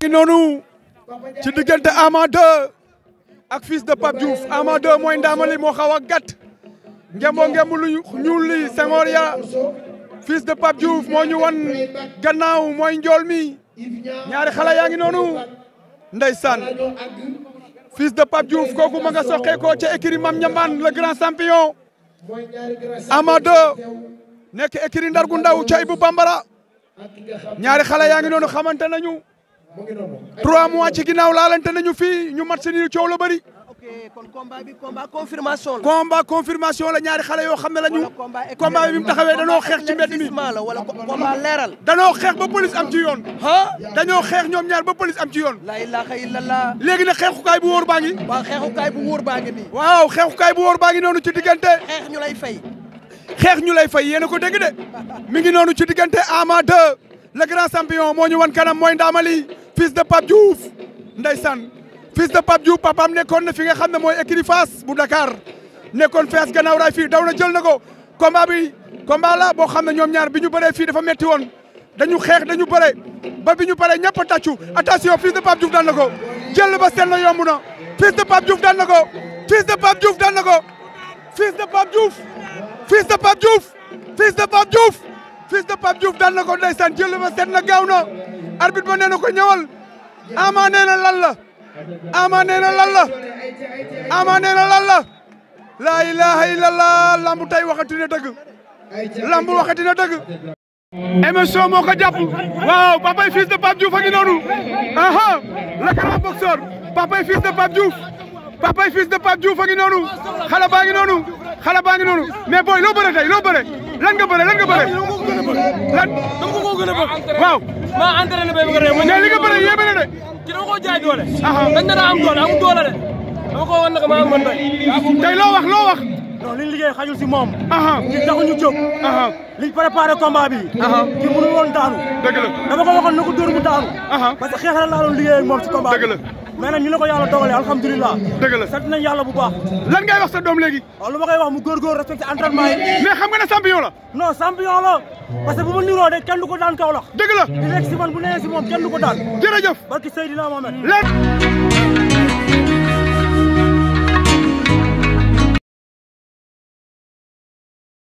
ngi noonu ci diggante Ama ak fils de Pape Diouf Ama mooy ndaamali moo xaw a gàtt ngemboo ngemb ñuul li sengoor ya fils de Pape Diouf moo ñu wan gannaaw mooy njool mi ñaari xale yaa ngi noonu ndeysaan fils de Pape Diouf kooku ma nga soqeekoo ca écurie Mam Ñambaan le grand champion Ama nekk écurie Ndargu Ndaw ca Ibou Bambara ñaari xale yaa ngi noonu xamante nañu trois mois ci ginnaaw laalante nañu fi ñu mat seen coow la bari ah, kon combat bi combat confirmation la. combat confirmation la ñaari xale yoo xam ne la ñu. combat bi bi mu taxawee danoo xeex ci mbedd mi. wala combat leeral. danoo xeex ba police am ci yoon. ah dañoo xeex ñoom ñaar ba police am ci yoon. la ilaha illallah. léegi nag xeexukaay bu wóor baa ngi. waaw xeexukaay bu waaw xeexukaay bu wóor baa ngi noonu ci diggante. xeex ñu lay fay. xeex ñu lay fay yéen ko dégg de mi ngi noonu ci diggante Ama 2 le grand champion moo ñu wan kanam mooy Ndamali. fils de Pape Diouf ndeysaan fils de Pape Diouf papaam nekkoon na fi nga xam ne mooy écurie Fass bu Dakar nekkoon fees gannaaw raay fii daw na jël na ko combat bi combat la boo xam ne ñoom ñaar bi ñu bëree fii dafa metti woon dañu xeex dañu bëre ba bi ñu bëree ñëpp a tàccu attention fils de Pape Diouf daan na ko jël ba seen la yomb na fils de Pape Diouf daan na ko fils de Pape Diouf daan na ko fils de Pape Diouf fils de Pape Diouf fils de Pape Diouf fils de Pape Diouf daan na ko ndeysaan jël ba seen la gaaw na arbitre ba nee na ko ñëwal ama nee na lan la ama nee na lan la laa ilaha tey waxati na dëgg lamb waxati na dëgg émission moo ko waaw papay fils de Pape Diouf a ngi noonu aha le grand boxeur papay fils de Pape Diouf papay fils de Pape Diouf a xale baa ngi noonu mais booy loo bëre tey loo bëre lan nga bëre lan nga bëre. lan dama ko a bëgg. waaw maa entraîné ba nga réew. mais li nga bëre yéeme na de. ci dama ko jaay doole. xajul si moom. ñu ah, ah. taxul ñu jóg. Ah, liñ préparé combat bi. ci mënul woon daanu. dëgg la dama ko waxoon na ko dóor mu daanu. parce que xeex la laa doon liggéey ak moom ci mais nag ñu ne ko yàlla dogalee alhamdulilah dëgg la sant nañ yàlla bu baax lan ngay wax sa doom léegi waaw lu ma koy wax mu góorgóor respecté entraînement yi mais xam nga ne la non champion la parce bu ma niroo kenn du ko daan Kaolack dëgg la di nekk si man bu nee si moom kenn du ko daan jërëjëf barki Seydina Mohamed